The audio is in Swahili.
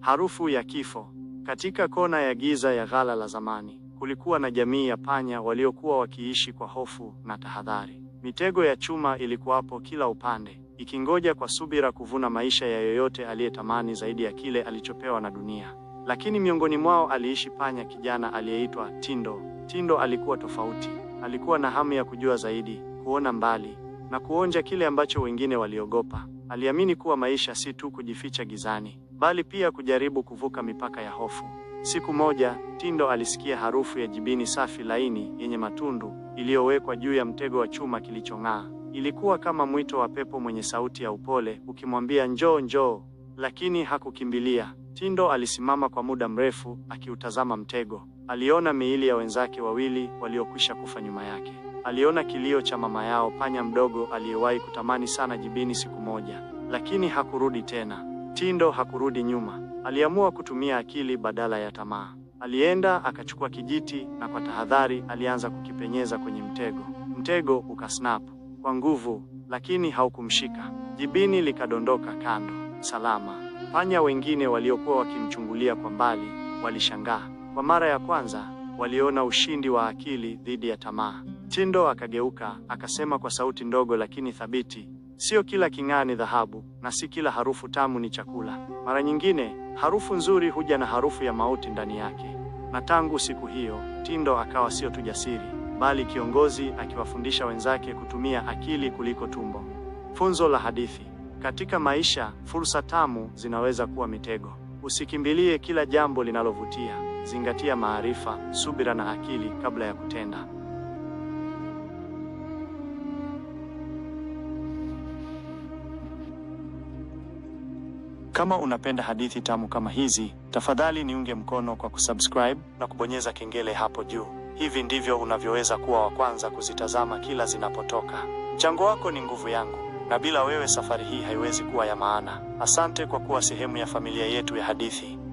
Harufu ya kifo. Katika kona ya giza ya ghala la zamani, kulikuwa na jamii ya panya waliokuwa wakiishi kwa hofu na tahadhari. Mitego ya chuma ilikuwapo kila upande, ikingoja kwa subira kuvuna maisha ya yoyote aliyetamani zaidi ya kile alichopewa na dunia. Lakini miongoni mwao aliishi panya kijana aliyeitwa Tindo. Tindo alikuwa tofauti. Alikuwa na hamu ya kujua zaidi, kuona mbali na kuonja kile ambacho wengine waliogopa. Aliamini kuwa maisha si tu kujificha gizani, bali pia kujaribu kuvuka mipaka ya hofu. Siku moja, Tindo alisikia harufu ya jibini safi laini yenye matundu iliyowekwa juu ya mtego wa chuma kilichong'aa. Ilikuwa kama mwito wa pepo mwenye sauti ya upole ukimwambia njoo, njoo. Lakini hakukimbilia. Tindo alisimama kwa muda mrefu akiutazama mtego. Aliona miili ya wenzake wawili waliokwisha kufa nyuma yake. Aliona kilio cha mama yao, panya mdogo aliyewahi kutamani sana jibini siku moja, lakini hakurudi tena. Tindo hakurudi nyuma, aliamua kutumia akili badala ya tamaa. Alienda akachukua kijiti na kwa tahadhari alianza kukipenyeza kwenye mtego. Mtego ukasnap kwa nguvu, lakini haukumshika. Jibini likadondoka kando salama. Panya wengine waliokuwa wakimchungulia kwa mbali walishangaa. Kwa mara ya kwanza waliona ushindi wa akili dhidi ya tamaa. Tindo akageuka akasema kwa sauti ndogo lakini thabiti, Sio kila king'aa ni dhahabu na si kila harufu tamu ni chakula. Mara nyingine harufu nzuri huja na harufu ya mauti ndani yake. Na tangu siku hiyo Tindo akawa sio tu jasiri, bali kiongozi akiwafundisha wenzake kutumia akili kuliko tumbo. Funzo la hadithi: katika maisha fursa tamu zinaweza kuwa mitego. Usikimbilie kila jambo linalovutia, zingatia maarifa, subira na akili kabla ya kutenda. Kama unapenda hadithi tamu kama hizi, tafadhali niunge mkono kwa kusubscribe na kubonyeza kengele hapo juu. Hivi ndivyo unavyoweza kuwa wa kwanza kuzitazama kila zinapotoka. Mchango wako ni nguvu yangu, na bila wewe safari hii haiwezi kuwa ya maana. Asante kwa kuwa sehemu ya familia yetu ya hadithi.